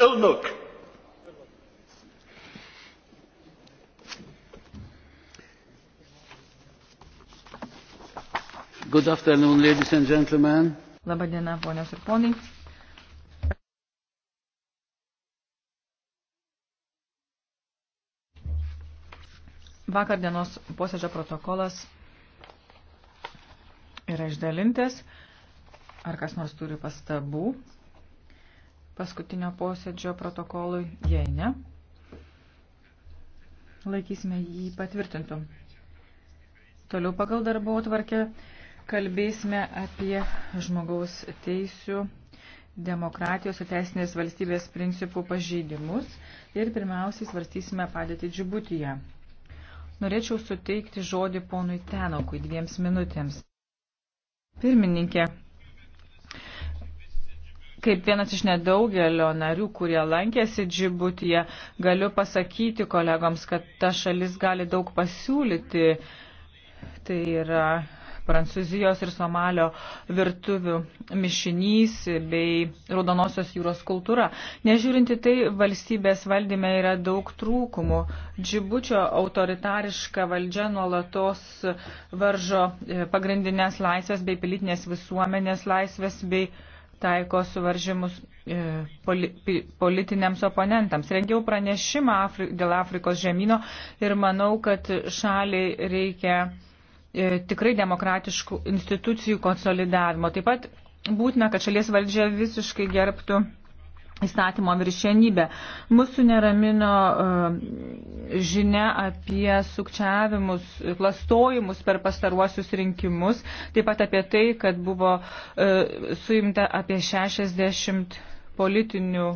Elnök! Good afternoon, ladies and gentlemen. Labadiena, ponios ir ponai. Vakar dienos posėdžio protokolas yra išdalintas. Ar kas nors turi pastabų? paskutinio posėdžio protokolui, jei ne, laikysime jį patvirtintų. Toliau pagal darbo atvarkę kalbėsime apie žmogaus teisių, demokratijos ir teisinės valstybės principų pažeidimus ir pirmiausiai svarstysime padėti Džibutyje. Norėčiau suteikti žodį ponui Tenokui dviems minutėms. Pirmininkė, kaip vienas iš nedaugelio narių, kurie lankėsi džibutyje, galiu pasakyti kolegoms, kad ta šalis gali daug pasiūlyti. Tai yra Prancūzijos ir Somalio virtuvių mišinys bei Raudonosios jūros kultūra. Nežiūrinti tai, valstybės valdyme yra daug trūkumų. Džibučio autoritariška valdžia nuolatos varžo e, pagrindinės laisvės bei pilitinės visuomenės laisvės bei uh, taiko suvaržymus e, politiniams oponentams. Rengiau pranešimą Afri dėl Afrikos žemynų ir manau, kad šaliai reikia e, tikrai demokratiškų institucijų konsolidavimo. Taip pat būtina, kad šalies valdžia visiškai gerbtų įstatymo viršienybę. Mūsų neramino e, žinia apie sukčiavimus, klastojimus per pastaruosius rinkimus, taip pat apie tai, kad buvo e, suimta apie 60 politinių,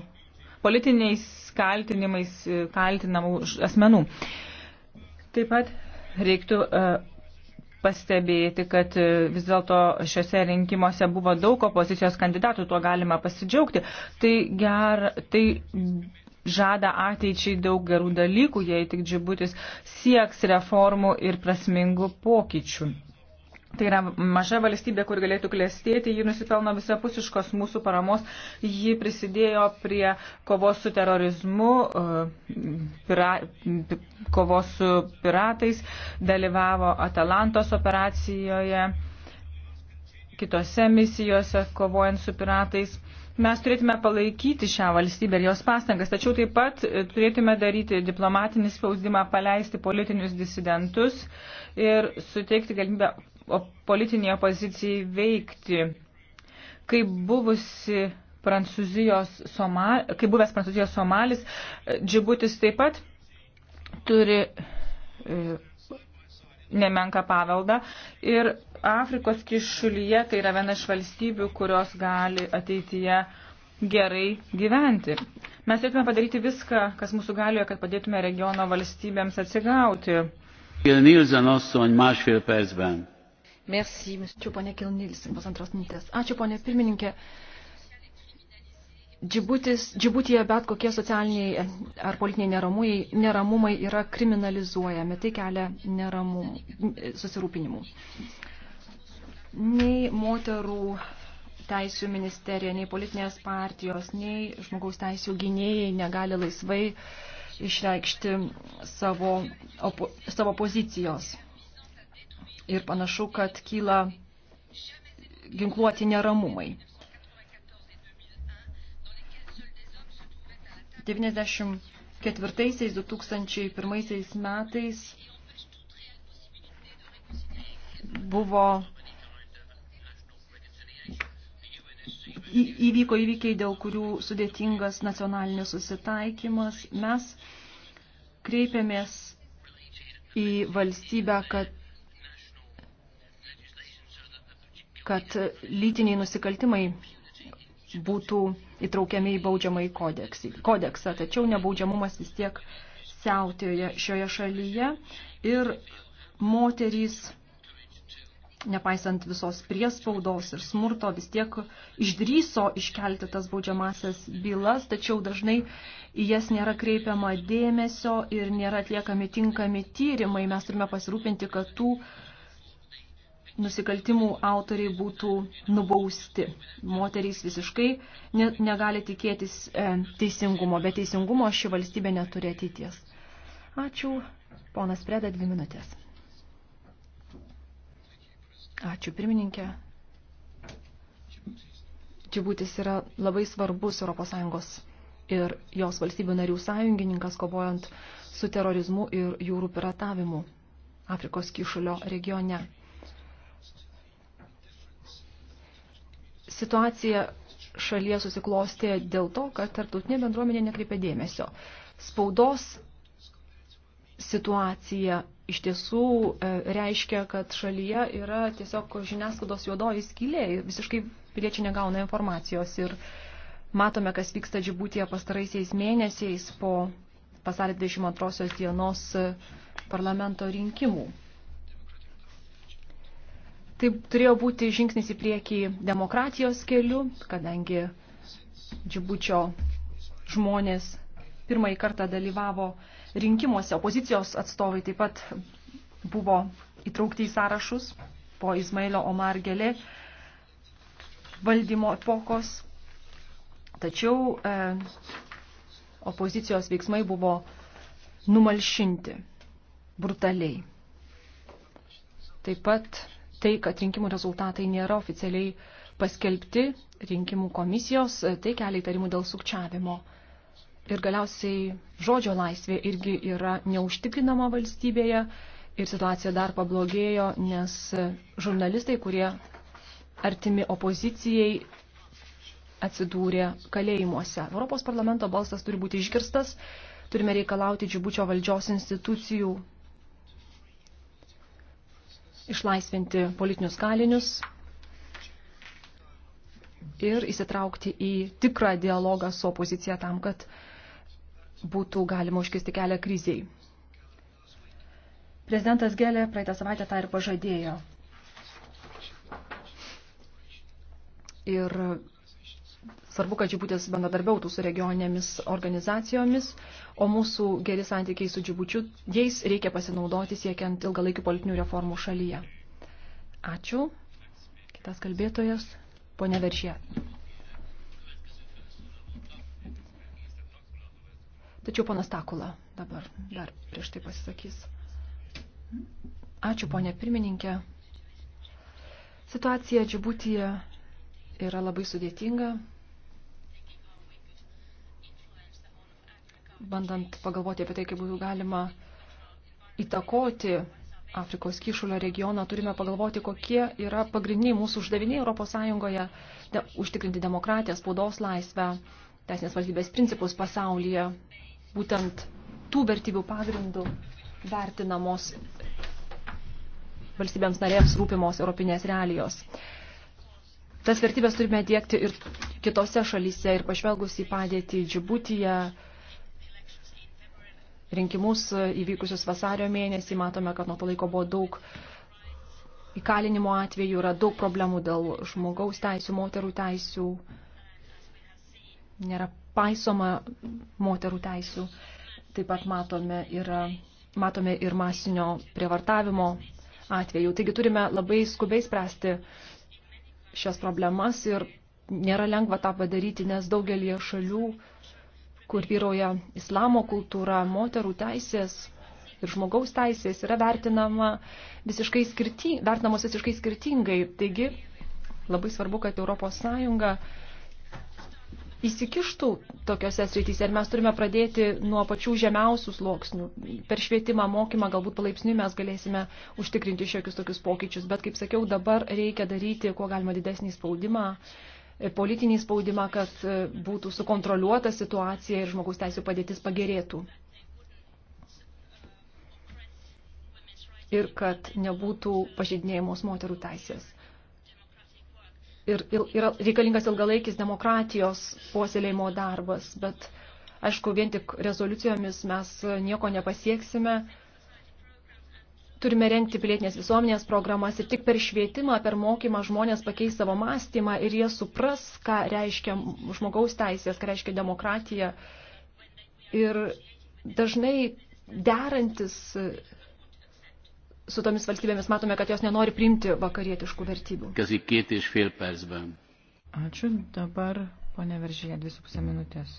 politiniais kaltinimais e, kaltinamų asmenų. Taip pat reiktų pastebėti, kad e, vis dėlto šiuose rinkimuose buvo daug opozicijos kandidatų, tuo galima pasidžiaugti. Tai, ger, tai žada ateičiai daug gerų dalykų, jei tik džibutis sieks reformų ir prasmingų pokyčių. Tai yra maža valstybė, kur galėtų klėstėti, ji nusipelno visapusiškos mūsų paramos, ji prisidėjo prie kovos su terorizmu, e, pira, kovos su piratais, dalyvavo Atalantos operacijoje, kitose misijose kovojant su piratais. Mes turėtume palaikyti šią valstybę ir jos pastangas, tačiau taip pat e, turėtume daryti diplomatinį spausdimą, paleisti politinius disidentus ir suteikti galimybę politinėje pozicijai veikti. Kaip buvusi Prancūzijos Somal, kaip buvęs Prancūzijos Somalis, e, Džibutis taip pat turi e, nemenka paveldą ir Afrikos kišulyje tai yra viena iš valstybių, kurios gali ateityje gerai gyventi. Mes turėtume padaryti viską, kas mūsų galioje, kad padėtume regiono valstybėms atsigauti. Nilsen asszony másfél percben. Merci, Ačiū, ponė Kilnils, pusantros minutės. Ačiū, ponė pirmininkė. Džibutis, Džibutėje bet kokie socialiniai ar politiniai neramumai, neramumai yra kriminalizuojami. Tai kelia neramum, susirūpinimų. Nei moterų teisų ministerija, nei politinės partijos, nei žmogaus teisų gynėjai negali laisvai išreikšti savo, opo, savo pozicijos ir panašu, kad kyla ginkluoti neramumai. 1994-2001 metais buvo įvyko įvykiai, dėl kurių sudėtingas nacionalinis susitaikymas. Mes kreipėmės į valstybę, kad kad lytiniai nusikaltimai būtų įtraukiami į baudžiamąjį kodeksą, tačiau nebaudžiamumas vis tiek siautėja šioje šalyje ir moterys, nepaisant visos priespaudos ir smurto, vis tiek išdryso iškelti tas baudžiamasias bylas, tačiau dažnai į jas nėra kreipiama dėmesio ir nėra atliekami tinkami tyrimai. Mes turime pasirūpinti, kad tų uh, nusikaltimų autoriai būtų nubausti. Moterys visiškai ne, negali tikėtis e, teisingumo, bet teisingumo ši valstybė neturi ateities. Ačiū, ponas Preda, dvi minutės. Ačiū, pirmininkė. Džibutis yra labai svarbus ES ir jos valstybių narių sąjungininkas kovojant su terorizmu ir jūrų piratavimu Afrikos kišulio regione. situacija šalyje susiklostė dėl to, kad tarptautinė bendruomenė nekreipė dėmesio. Spaudos situacija iš tiesų e, reiškia, kad šalyje yra tiesiog žiniasklaidos juodoji skylė ir visiškai piliečiai negauna informacijos. Ir matome, kas vyksta džibutėje pastaraisiais mėnesiais po pasarė 22 dienos e, parlamento rinkimų. Tai turėjo būti žingsnis į priekį demokratijos keliu, kadangi džibučio žmonės pirmąjį kartą dalyvavo rinkimuose. Opozicijos atstovai taip pat buvo įtraukti į sąrašus po Izmailio Omar Gelė valdymo epochos. Tačiau e, opozicijos veiksmai buvo numalšinti brutaliai. Taip pat tai, kad rinkimų rezultatai nėra oficialiai paskelbti rinkimų komisijos, tai kelia įtarimų dėl sukčiavimo. Ir galiausiai žodžio laisvė irgi yra neužtikrinama valstybėje ir situacija dar pablogėjo, nes žurnalistai, kurie artimi opozicijai, atsidūrė kalėjimuose. Europos parlamento balsas turi būti išgirstas, turime reikalauti džibučio valdžios institucijų išlaisvinti politinius kalinius ir įsitraukti į tikrą dialogą su opozicija tam, kad būtų galima užkisti kelią kriziai. Prezidentas Gelė praeitą savaitę tą ir pažadėjo. Ir svarbu, kad džibutės bendradarbiautų su regioninėmis organizacijomis, o mūsų geri santykiai su džibučiu, jais reikia pasinaudoti siekiant ilgalaikių politinių reformų šalyje. Ačiū. Kitas kalbėtojas, ponė Veržė. Tačiau ponas Takula dabar dar prieš tai pasisakys. Ačiū, ponė pirmininkė. Situacija Džibutyje yra labai sudėtinga. bandant pagalvoti apie tai, kaip būtų galima įtakoti Afrikos kyšulio regioną, turime pagalvoti, kokie yra pagrindiniai mūsų uždaviniai Europos Sąjungoje de, užtikrinti demokratiją, spaudos laisvę, teisinės valstybės principus pasaulyje, būtent tų vertybių pagrindų vertinamos valstybėms narėms rūpimos europinės realijos. Tas vertybės turime dėkti ir kitose šalyse, ir pažvelgus į padėtį Džibutyje, rinkimus įvykusius vasario mėnesį. Matome, kad nuo to laiko buvo daug įkalinimo atvejų, yra daug problemų dėl žmogaus teisų, moterų teisų, nėra paisoma moterų teisų. Taip pat matome, yra, matome ir masinio prievartavimo atvejų. Taigi turime labai skubiai spręsti šias problemas ir nėra lengva tą padaryti, nes daugelie šalių kur vyroja islamo kultūra, moterų teisės ir žmogaus teisės yra vertinama visiškai skirti, vertinamos visiškai skirtingai. Taigi labai svarbu, kad Europos Sąjunga įsikištų tokiose srityse ir mes turime pradėti nuo pačių žemiausių sluoksnių. Per švietimą, mokymą, galbūt palaipsniui mes galėsime užtikrinti šiokius tokius pokyčius, bet kaip sakiau, dabar reikia daryti kuo galima didesnį spaudimą politinį spaudimą, kad e, būtų sukontroliuota situacija ir žmogaus teisų padėtis pagerėtų. Ir kad nebūtų pažeidinėjimos moterų teisės. Ir, ir yra reikalingas ilgalaikis demokratijos puoselėjimo darbas, bet aišku, vien tik rezoliucijomis mes nieko nepasieksime Turime renkti pilietinės visuomenės programas ir tik per švietimą, per mokymą žmonės pakeis savo mąstymą ir jie supras, ką reiškia žmogaus teisės, ką reiškia demokratija. Ir dažnai derantis su tomis valstybėmis matome, kad jos nenori priimti vakarietiškų vertybių. Ačiū. Dabar, ponė Veržylė, dvi su pusė minutės.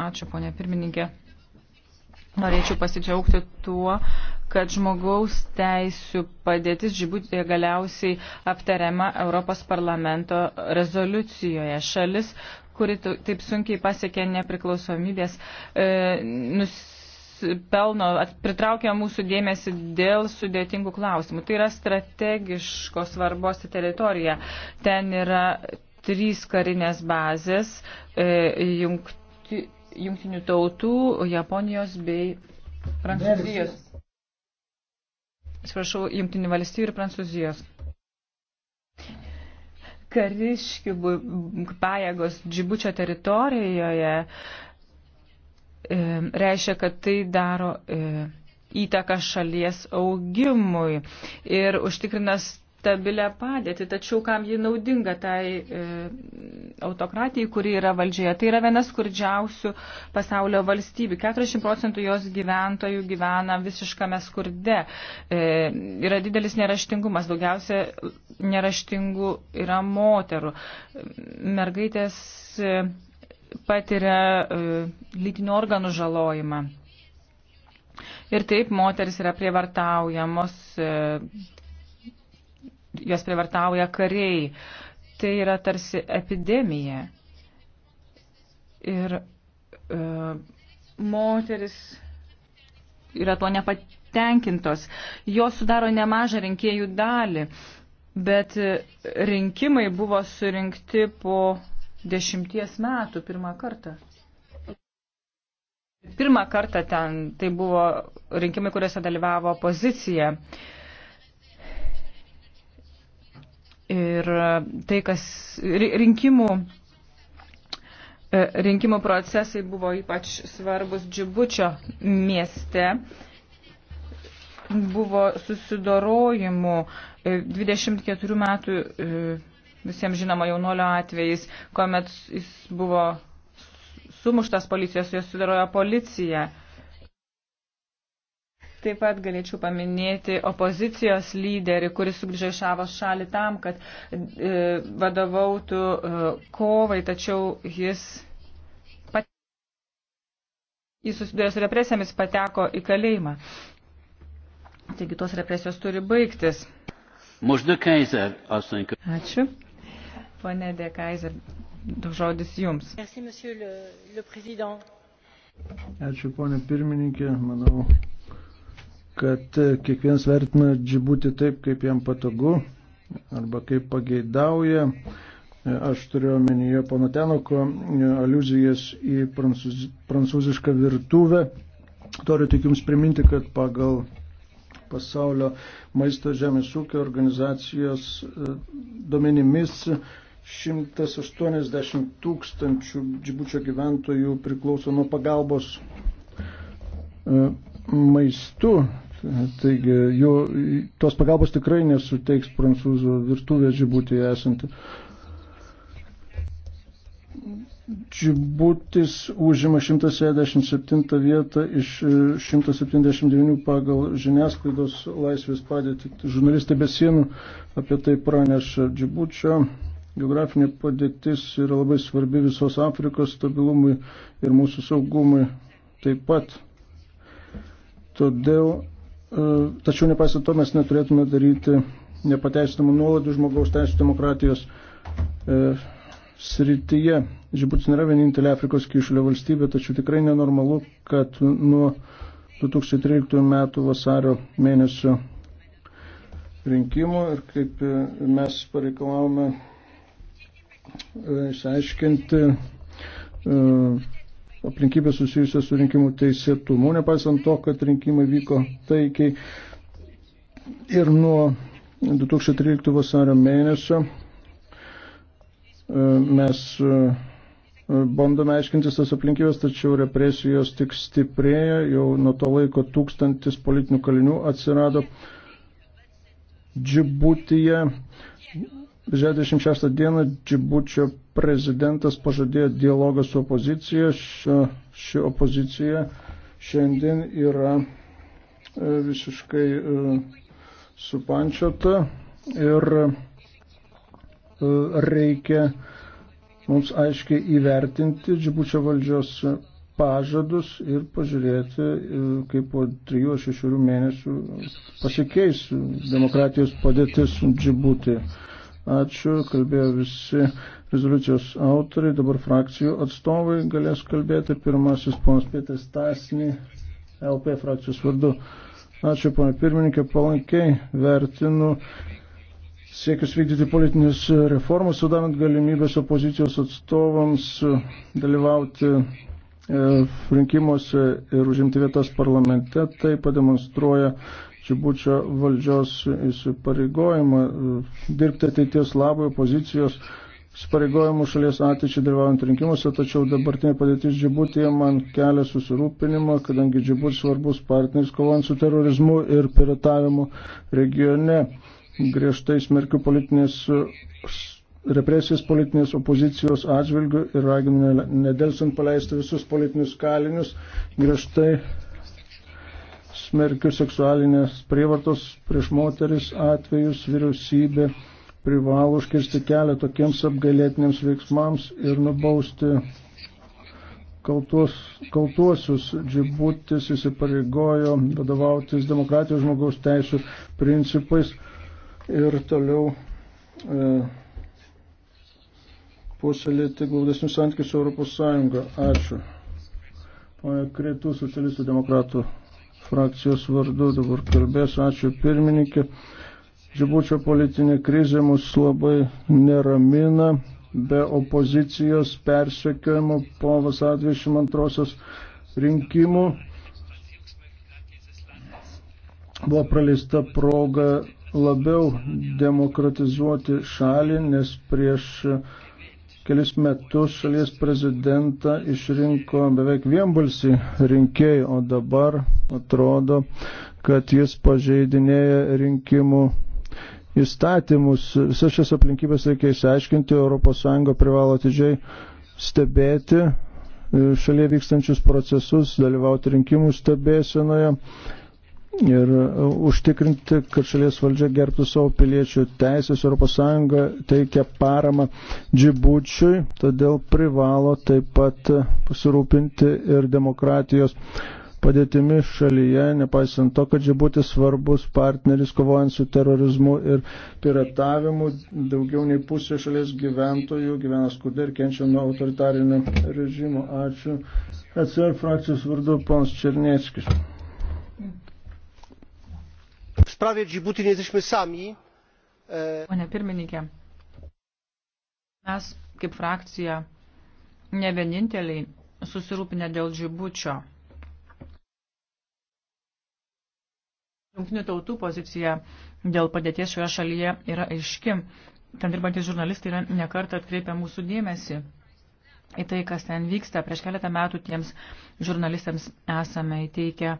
Ačiū, ponė pirmininkė. Norėčiau pasidžiaugti tuo, kad žmogaus teisų padėtis Džibutėje galiausiai aptariama Europos parlamento rezoliucijoje. Šalis, kuri taip sunkiai pasiekė nepriklausomybės, e, nus pelno, pritraukia mūsų dėmesį dėl sudėtingų klausimų. Tai yra strategiškos svarbos teritorija. Ten yra trys karinės bazės, e, jungti, jungtinių tautų, Japonijos bei Prancūzijos. Atsiprašau, jungtinių valstybių ir Prancūzijos. Kariškių pajėgos Džibučio teritorijoje e, reiškia, kad tai daro e, įtaką šalies augimui ir užtikrinas stabilę padėtį, tačiau kam ji naudinga tai e, autokratijai, kuri yra valdžioje. Tai yra vienas skurdžiausių pasaulio valstybių. 40 procentų jos gyventojų gyvena visiškame skurde. E, yra didelis neraštingumas, daugiausia neraštingų yra moterų. Mergaitės e, patiria e, lytinių organų žalojimą. Ir taip moteris yra prievartaujamos. E, juos privartauja kariai. Tai yra tarsi epidemija. Ir e, moteris yra tuo nepatenkintos. Jos sudaro nemažą rinkėjų dalį, bet rinkimai buvo surinkti po dešimties metų pirmą kartą. Pirmą kartą ten tai buvo rinkimai, kuriuose dalyvavo opozicija. E, ir tai, kas rinkimų, e, rinkimų procesai buvo ypač svarbus Džibučio mieste. Buvo susidorojimų 24 e, metų e, visiems žinoma jaunolio atvejais, kuomet jis buvo sumuštas policijos, jos sudarojo policija. Taip pat galėčiau paminėti opozicijos lyderį, kuris sugrįžo iš Avos šalį tam, kad e, vadovautų e, kovai, tačiau jis, pat, jis susidūrė su represijomis, pateko į kalėjimą. Taigi tos represijos turi baigtis. Ačiū. Pone De Kaiser, žodis jums. Merci, Ačiū, ponė pirmininkė. Manau, kad kiekvienas vertina džibūti taip, kaip jam patogu arba kaip pageidauja. Aš turiu omenyje pono Tenoko aluzijas į prancūz, prancūzišką virtuvę. Noriu tik Jums priminti, kad pagal pasaulio maisto žemės ūkio organizacijos e, duomenimis 180 tūkstančių džibučio gyventojų priklauso nuo pagalbos e, maistu Taigi, jų, tos pagalbos tikrai nesuteiks prancūzų virtuvės žibūtėje esanti. Džibutis užima 167 vietą iš 179 e, pagal žiniasklaidos laisvės padėtį. Žurnalistai be sienų apie tai praneša Džibučio. Geografinė padėtis yra labai svarbi visos Afrikos stabilumui ir mūsų saugumui taip pat. Todėl E, tačiau nepaisant to mes neturėtume daryti nepateisinamų nuolaidų žmogaus teisų demokratijos e, srityje. Žibutis nėra vienintelė Afrikos kišulio valstybė, tačiau tikrai nenormalu, kad nuo 2013 metų vasario mėnesio rinkimų ir kaip e, mes pareikalavome e, išsiaiškinti e, aplinkybės susijusios su rinkimų teisėtumu, nepaisant to, kad rinkimai vyko taikiai. Ir nuo 2013 vasario mėnesio e, mes e, bandome aiškintis tas aplinkybės, tačiau represijos tik stiprėja, jau nuo to laiko tūkstantis politinių kalinių atsirado Džibutyje Birželio 26 dieną Džibučio prezidentas pažadėjo dialogą su opozicija. Ši, ši opozicija šiandien yra e, visiškai e, supančiota ir e, reikia mums aiškiai įvertinti Džibučio valdžios pažadus ir pažiūrėti, kaip po 3-6 mėnesių pasikeis demokratijos padėtis Džibutėje. Ačiū, kalbėjo visi rezoliucijos autoriai, dabar frakcijų atstovai galės kalbėti. Pirmasis ponas Pietas Tasni, LP frakcijos vardu. Ačiū, ponė pirmininkė, palankiai vertinu siekius vykdyti politinės reformas, sudarant galimybės opozicijos atstovams dalyvauti e, rinkimuose ir užimti vietas parlamente. Tai pademonstruoja Čibučio valdžios įsipareigojimą e, dirbti ateities labai opozicijos įsipareigojimų šalies ateičiai dalyvaujant rinkimuose, tačiau dabartinė padėtis Džibutėje man kelia susirūpinimą, kadangi Džibutis svarbus partneris kovant su terorizmu ir piratavimu regione. Griežtai smerkiu politinės represijas politinės opozicijos atžvilgių ir raginu nedelsant paleisti visus politinius kalinius, griežtai smerkiu seksualinės prievartos prieš moteris atvejus vyriausybė privalo užkirsti kelią tokiems apgailėtiniams veiksmams ir nubausti kaltuos, kaltuosius. Džibutis įsipareigojo vadovautis demokratijos žmogaus teisų principais ir toliau e, puoselėti glaudesnius santykius su Europos Sąjunga. Ačiū. Pone Kreitų, socialistų demokratų frakcijos vardu dabar kalbės. Ačiū pirmininkė. Džibučio politinė krizė mus labai neramina. Be opozicijos persekiojimo po vasarą 22 rinkimų buvo praleista proga labiau demokratizuoti šalį, nes prieš kelis metus šalies prezidentą išrinko beveik vienbalsį rinkėjai, o dabar atrodo, kad jis pažeidinėja rinkimų įstatymus. Visas šias aplinkybės reikia įsiaiškinti, ES privalo atidžiai stebėti e, šalyje vykstančius procesus, dalyvauti rinkimų stebėsenoje ir e, užtikrinti, kad šalies valdžia gerbtų savo piliečių teisės. ES teikia paramą džibučiui, todėl privalo taip pat pasirūpinti ir demokratijos padėtimi šalyje, nepaisant to, kad džibutis svarbus partneris kovojant su terorizmu ir piratavimu. Daugiau nei pusė šalies gyventojų gyvena skurde ir kenčia nuo autoritarinio režimo. Ačiū. Atsiver frakcijos vardu, pons Černieckis w sprawie dżibuti nie jesteśmy sami. E, Pone pirmininkė, mes kaip frakcija ne vieninteliai susirūpinę dėl džibučio. Junktinių tautų pozicija dėl padėties šioje šalyje yra aiški. Ten dirbantys žurnalistai yra nekart atkreipę mūsų dėmesį į tai, kas ten vyksta. Prieš keletą metų tiems žurnalistams esame įteikę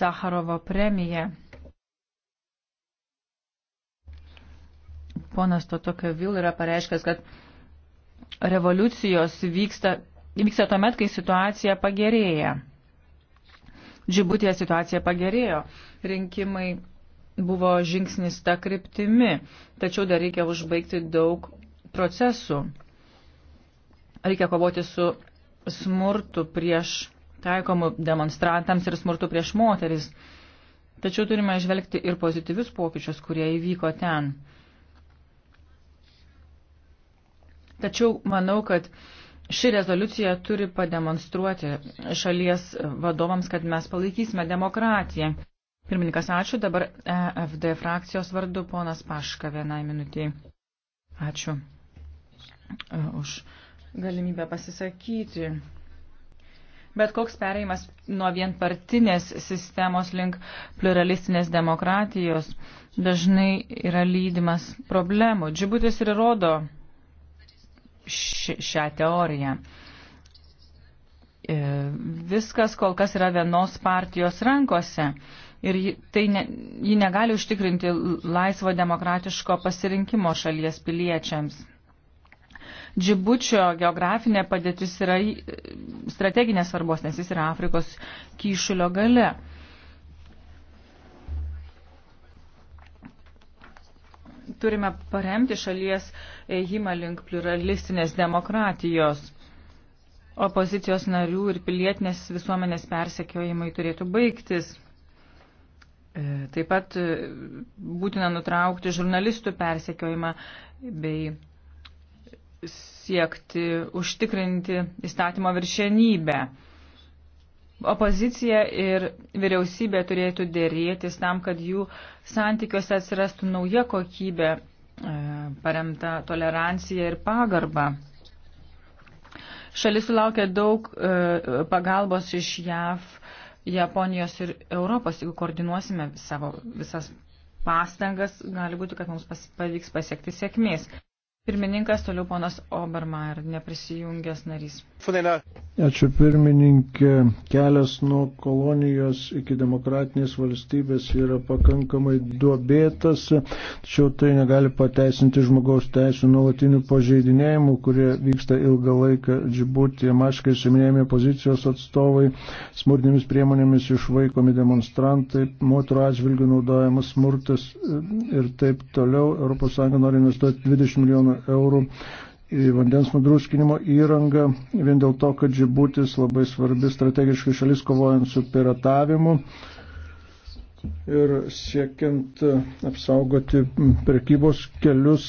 Sakarovo premiją. ponas Totokio Vil yra pareiškęs, kad revoliucijos vyksta, vyksta tuomet, kai situacija pagerėja. Džibutėje situacija pagerėjo. Rinkimai buvo žingsnis tą kryptimi, tačiau dar reikia užbaigti daug procesų. Reikia kovoti su smurtu prieš taikomų demonstrantams ir smurtu prieš moteris. Tačiau turime žvelgti ir pozityvius pokyčius, kurie įvyko ten. Tačiau manau, kad ši rezoliucija turi pademonstruoti šalies vadovams, kad mes palaikysime demokratiją. Pirmininkas, ačiū. Dabar EFD frakcijos vardu ponas Paška vienai minutiai. Ačiū e, už galimybę pasisakyti. Bet koks pereimas nuo vienpartinės sistemos link pluralistinės demokratijos dažnai yra lydimas problemų. Džibutis ir rodo ši, šią teoriją. E, viskas kol kas yra vienos partijos rankose ir tai ne, ji negali užtikrinti laisvo demokratiško pasirinkimo šalies piliečiams. Džibučio geografinė padėtis yra strateginės svarbos, nes jis yra Afrikos kyšulio gale. turime paremti šalies ėjimą link pluralistinės demokratijos. Opozicijos narių ir pilietinės visuomenės persekiojimai turėtų baigtis. E, taip pat e, būtina nutraukti žurnalistų persekiojimą bei siekti užtikrinti įstatymo viršenybę. Opozicija ir vyriausybė turėtų dėrėtis tam, kad jų santykiuose atsirastų nauja kokybė e, paremta tolerancija ir pagarba. Šalis sulaukė daug e, pagalbos iš JAV, Japonijos ir Europos. Jeigu koordinuosime savo visas pastangas, gali būti, kad mums pavyks pasiekti sėkmės. Pirmininkas toliau ponas Obermaier, neprisijungęs narys. Ačiū pirmininkė. Kelias nuo kolonijos iki demokratinės valstybės yra pakankamai duobėtas, tačiau tai negali pateisinti žmogaus teisų nuolatinių pažeidinėjimų, kurie vyksta ilgą laiką. Džibutė, maškai siminėjami pozicijos atstovai, smurtinėmis priemonėmis išvaikomi demonstrantai, moterų atžvilgių naudojamas smurtas ir taip toliau. ES nori investuoti 20 milijonų milijonų eurų į vandens nudruskinimo įrangą vien dėl to, kad Džibutis labai svarbi strategiškai šalis kovojant su piratavimu ir siekiant apsaugoti prekybos kelius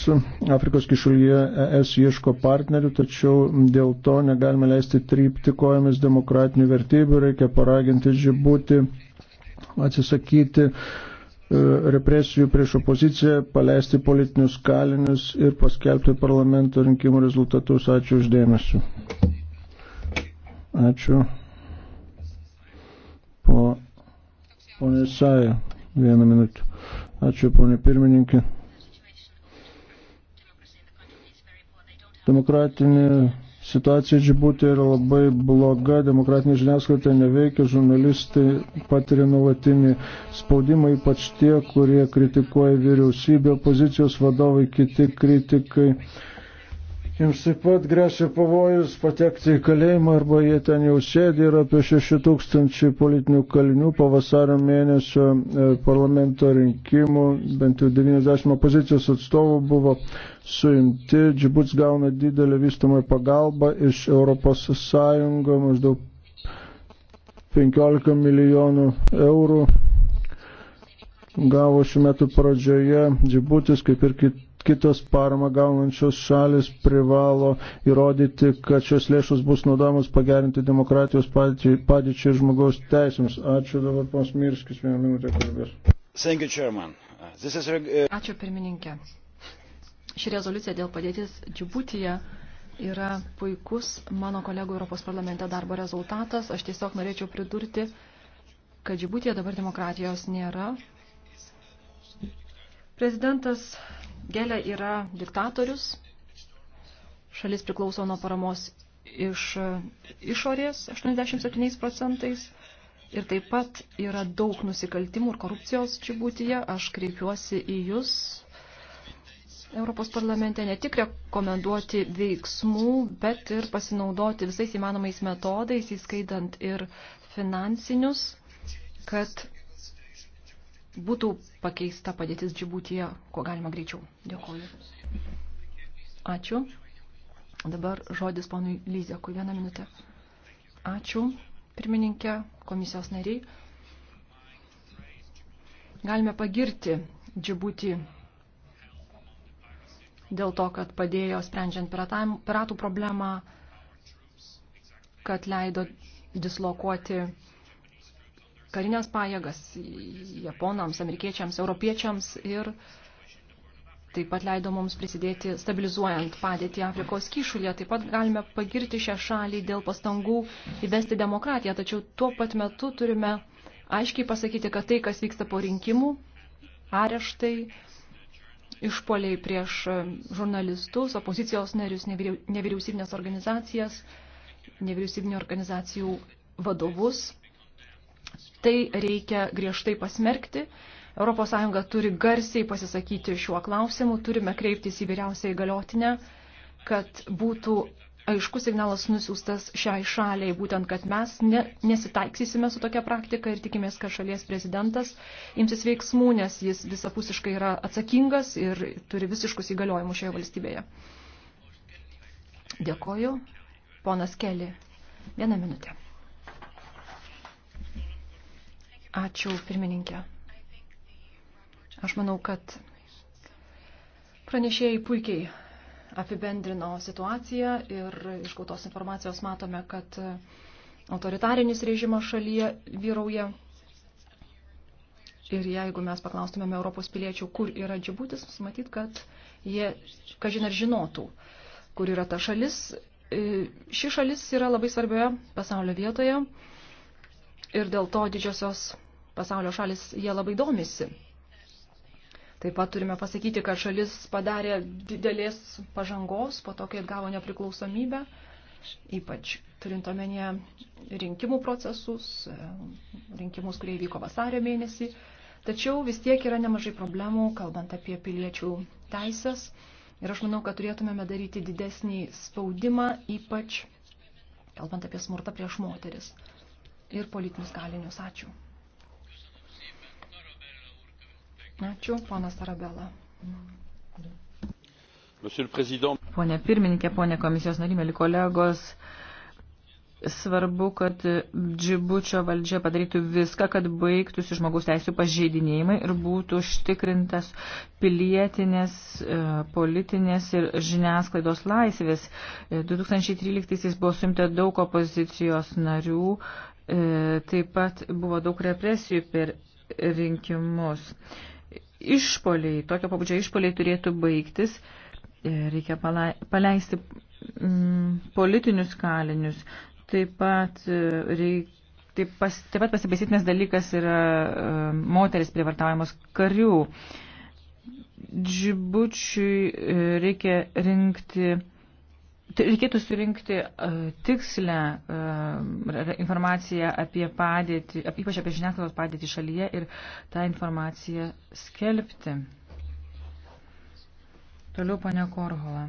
Afrikos kišulyje ES ieško partnerių, tačiau dėl to negalime leisti trypti kojomis demokratinių vertybių, reikia paraginti Džibutį atsisakyti E, represijų prieš opoziciją, paleisti politinius kalinius ir paskelbti parlamento rinkimų rezultatus. Ačiū uždėmesiu. Ačiū. Po, ponė Saja, vieną minutę. Ačiū, ponė pirmininkė. Demokratinė Situacija džibutė yra labai bloga, demokratinė žiniasklaida neveikia, žurnalistai patiria nuolatinį spaudimą, ypač tie, kurie kritikuoja vyriausybę, opozicijos vadovai, kiti kritikai Jiems taip pat grėsia pavojus patekti į kalėjimą arba jie ten jau sėdi ir apie 6 tūkstančiai politinių kalinių po vasario mėnesio e, parlamento rinkimų, bent jau 90 opozicijos atstovų buvo suimti. Džibuts gauna didelę vystamą pagalbą iš ES maždaug 15 milijonų eurų gavo šių metų pradžioje Džibutis, kaip ir kit, kitos paramą gaunančios šalis privalo įrodyti, kad šios lėšos bus naudojamos pagerinti demokratijos padėčiai ir žmogaus teisėms. Ačiū dabar pas Mirskis, vieną minutę kalbės. Uh, uh, Ačiū pirmininkė. Ši rezoliucija dėl padėtis Džibutyje yra puikus mano kolegų Europos parlamente darbo rezultatas. Aš tiesiog norėčiau pridurti, kad Džibutyje dabar demokratijos nėra. Prezidentas Gelė yra diktatorius, šalis priklauso nuo paramos iš išorės 87 procentais ir taip pat yra daug nusikaltimų ir korupcijos čia būtyje. Aš kreipiuosi į Jūs, Europos parlamente, ne tik rekomenduoti veiksmų, bet ir pasinaudoti visais įmanomais metodais, įskaidant ir finansinius, kad būtų pakeista padėtis Džibutyje, ko galima greičiau. Dėkuoju. Ačiū. Dabar žodis ponui Lyzekui. Vieną minutę. Ačiū, pirmininkė, komisijos nariai. Galime pagirti Džibutį dėl to, kad padėjo sprendžiant piratų problemą, kad leido dislokuoti karinės pajėgas japonams, amerikiečiams, europiečiams ir taip pat leido mums prisidėti stabilizuojant padėtį Afrikos kyšulėje. Taip pat galime pagirti šią šalį dėl pastangų įvesti demokratiją, tačiau tuo pat metu turime aiškiai pasakyti, kad tai, kas vyksta po rinkimų, areštai, išpoliai prieš žurnalistus, opozicijos narius, nevyriausybinės organizacijas, nevyriausybinio organizacijų vadovus Tai reikia griežtai pasmerkti. ES turi garsiai pasisakyti šiuo klausimu, turime kreiptis į vyriausią įgaliotinę, kad būtų aiškus signalas nusiųstas šiai šaliai, būtent, kad mes ne, nesitaiksysime su tokia praktika ir tikimės, kad šalies prezidentas imsis veiksmų, nes jis visapusiškai yra atsakingas ir turi visiškus įgaliojimus šioje valstybėje. Dėkoju. Ponas Keli. Vieną minutę. Ačiū, pirmininkė. Aš manau, kad pranešėjai puikiai apibendrino situaciją ir iš gautos informacijos matome, kad autoritarinis režimas šalyje vyrauja. Ir jeigu mes paklaustumėme Europos piliečių, kur yra džibutis, matyt, kad jie, kažin ar žinotų, kur yra ta šalis. E, ši šalis yra labai svarbioje pasaulio vietoje ir dėl to didžiosios pasaulio šalis jie labai domisi. Taip pat turime pasakyti, kad šalis padarė didelės pažangos po to, kai atgavo nepriklausomybę, ypač turint omenyje rinkimų procesus, rinkimus, kurie įvyko vasario mėnesį. Tačiau vis tiek yra nemažai problemų, kalbant apie piliečių teisės. Ir aš manau, kad turėtumėme daryti didesnį spaudimą, ypač kalbant apie smurtą prieš moteris ir politinius kalinius. Ačiū. Ačiū, ponas Arabela. Pone pirmininkė, pone komisijos narimėli kolegos, svarbu, kad Džibučio valdžia padarytų viską, kad baigtųsi žmogaus teisų pažeidinėjimai ir būtų užtikrintas pilietinės, e, politinės ir žiniasklaidos laisvės. 2013 e, buvo suimta daug opozicijos narių, e, taip pat buvo daug represijų per rinkimus išpoliai, tokio pabudžio išpoliai turėtų baigtis, reikia paleisti mm, politinius kalinius, taip pat e, reikia Taip, pas, taip pat pasibaisytinas dalykas yra uh, moteris privartaujamos karių. Džibučiui uh, reikia rinkti Tai reikėtų surinkti uh, e, tikslę uh, e, informaciją apie padėtį, apie, ypač apie žiniasklaidos padėtį šalyje ir tą informaciją skelbti. Toliau ponia Korhola.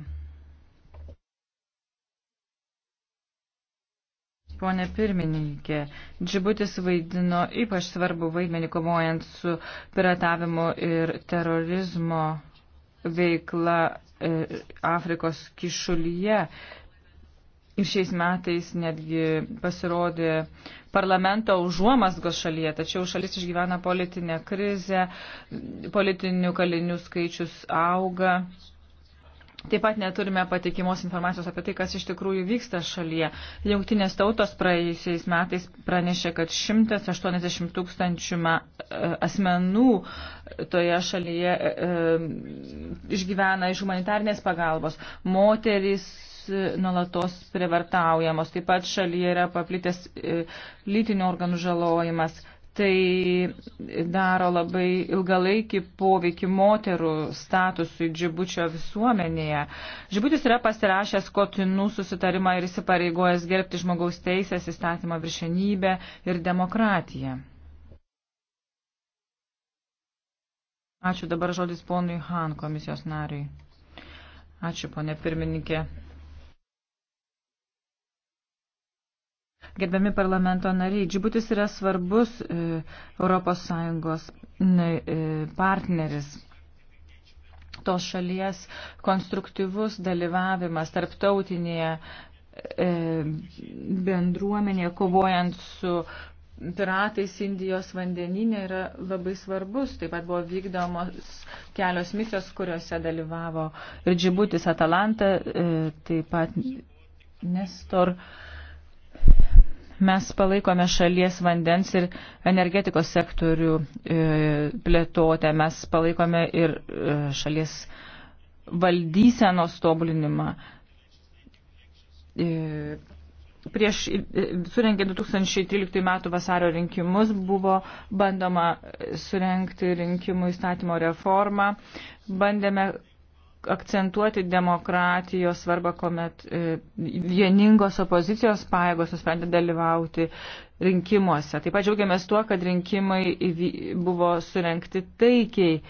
Pone pirmininkė, Džibutis vaidino ypač svarbu vaidmenį kovojant su piratavimu ir terorizmo veikla e, Afrikos kišulyje. Ir šiais metais netgi pasirodė parlamento užuomasgos šalyje, tačiau šalis išgyvena politinę krizę, politinių kalinių skaičius auga. Taip pat neturime patikimos informacijos apie tai, kas iš tikrųjų vyksta šalyje. Jungtinės tautos praėjusiais metais pranešė, kad 180 tūkstančių e, asmenų toje šalyje e, e, išgyvena iš humanitarnės pagalbos. Moterys nuolatos privartaujamos. Taip pat šalyje yra paplitęs lytinių organų žalojimas tai daro labai ilgalaikį poveikį moterų statusui Džibučio visuomenėje. Džibutis yra pasirašęs kotinų susitarimą ir įsipareigojęs gerbti žmogaus teisės, įstatymą viršenybę ir demokratiją. Ačiū dabar žodis ponui Han komisijos nariui. Ačiū, ponė pirmininkė. Gerbiami parlamento nariai, Džibutis yra svarbus ES e, partneris. Tos šalies konstruktyvus dalyvavimas tarptautinėje e, bendruomenėje kovojant su piratais Indijos vandeninė yra labai svarbus. Taip pat buvo vykdomos kelios misijos, kuriuose dalyvavo ir Džibutis Atalanta, e, taip pat Nestor. E, Mes palaikome šalies vandens ir energetikos sektorių e, plėtotę, mes palaikome ir e, šalies valdysenos tobulinimą. E, prieš surengė 2013 m. vasario rinkimus buvo bandoma surengti rinkimų įstatymo reformą, bandėme akcentuoti demokratijos svarbą, kuomet e, vieningos opozicijos pajėgos nusprendė dalyvauti rinkimuose. Taip pat džiaugiamės tuo, kad rinkimai buvo surenkti taikiai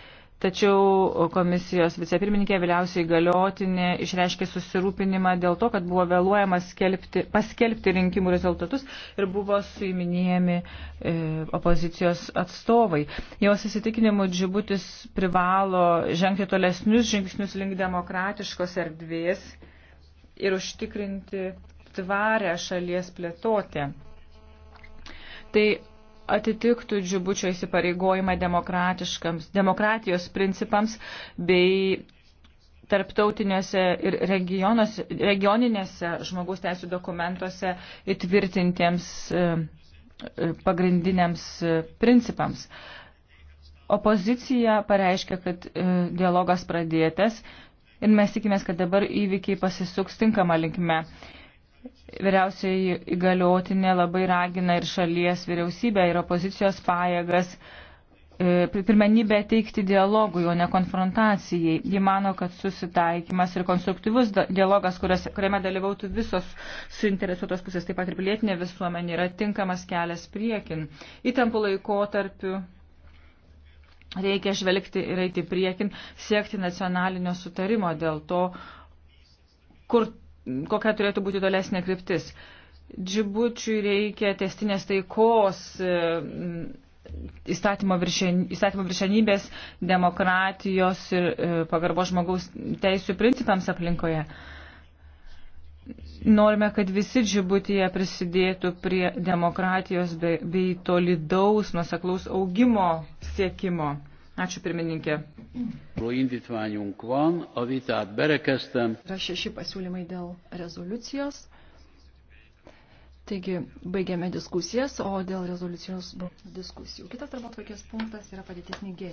Tačiau komisijos vicepirmininkė vyliausiai galiotinė išreiškė susirūpinimą dėl to, kad buvo vėluojama skelbti, paskelbti rinkimų rezultatus ir buvo suiminėjami e, opozicijos atstovai. Jos įsitikinimu Džibutis privalo žengti tolesnius žingsnius link demokratiškos erdvės ir užtikrinti tvarę šalies plėtotę. Tai atitiktų džibučio įsipareigojimą demokratijos principams bei tarptautiniuose ir regioninėse žmogaus teisų dokumentuose įtvirtintiems e, e, pagrindiniams e, principams. Opozicija pareiškia, kad dialogas pradėtas ir mes tikimės, kad dabar įvykiai pasisuks tinkama linkme. Vyriausiai įgaliotinė labai ragina ir šalies vyriausybę, ir opozicijos pajėgas e, pirmenybę teikti dialogui, o ne konfrontacijai. Ji mano, kad susitaikymas ir konstruktyvus dialogas, kurias, kuriame dalyvautų visos suinteresuotos pusės, taip pat ir pilietinė visuomenė, yra tinkamas kelias priekin. Įtampų laikotarpiu reikia žvelgti ir eiti priekin, siekti nacionalinio sutarimo dėl to, kur kokia turėtų būti tolesnė kryptis. Džibučiui reikia testinės taikos e, įstatymo, viršen, įstatymo viršenybės, demokratijos ir e, pagarbo žmogaus teisų principams aplinkoje. Norime, kad visi džibutyje prisidėtų prie demokratijos bei, bei tolidaus nuoseklaus augimo siekimo. Ačiū pirmininkė. Yra šeši pasiūlymai dėl rezoliucijos. Taigi, baigėme diskusijas, o dėl rezoliucijos diskusijų. Kitas darbo tvarkės punktas yra padėtis Nigerija.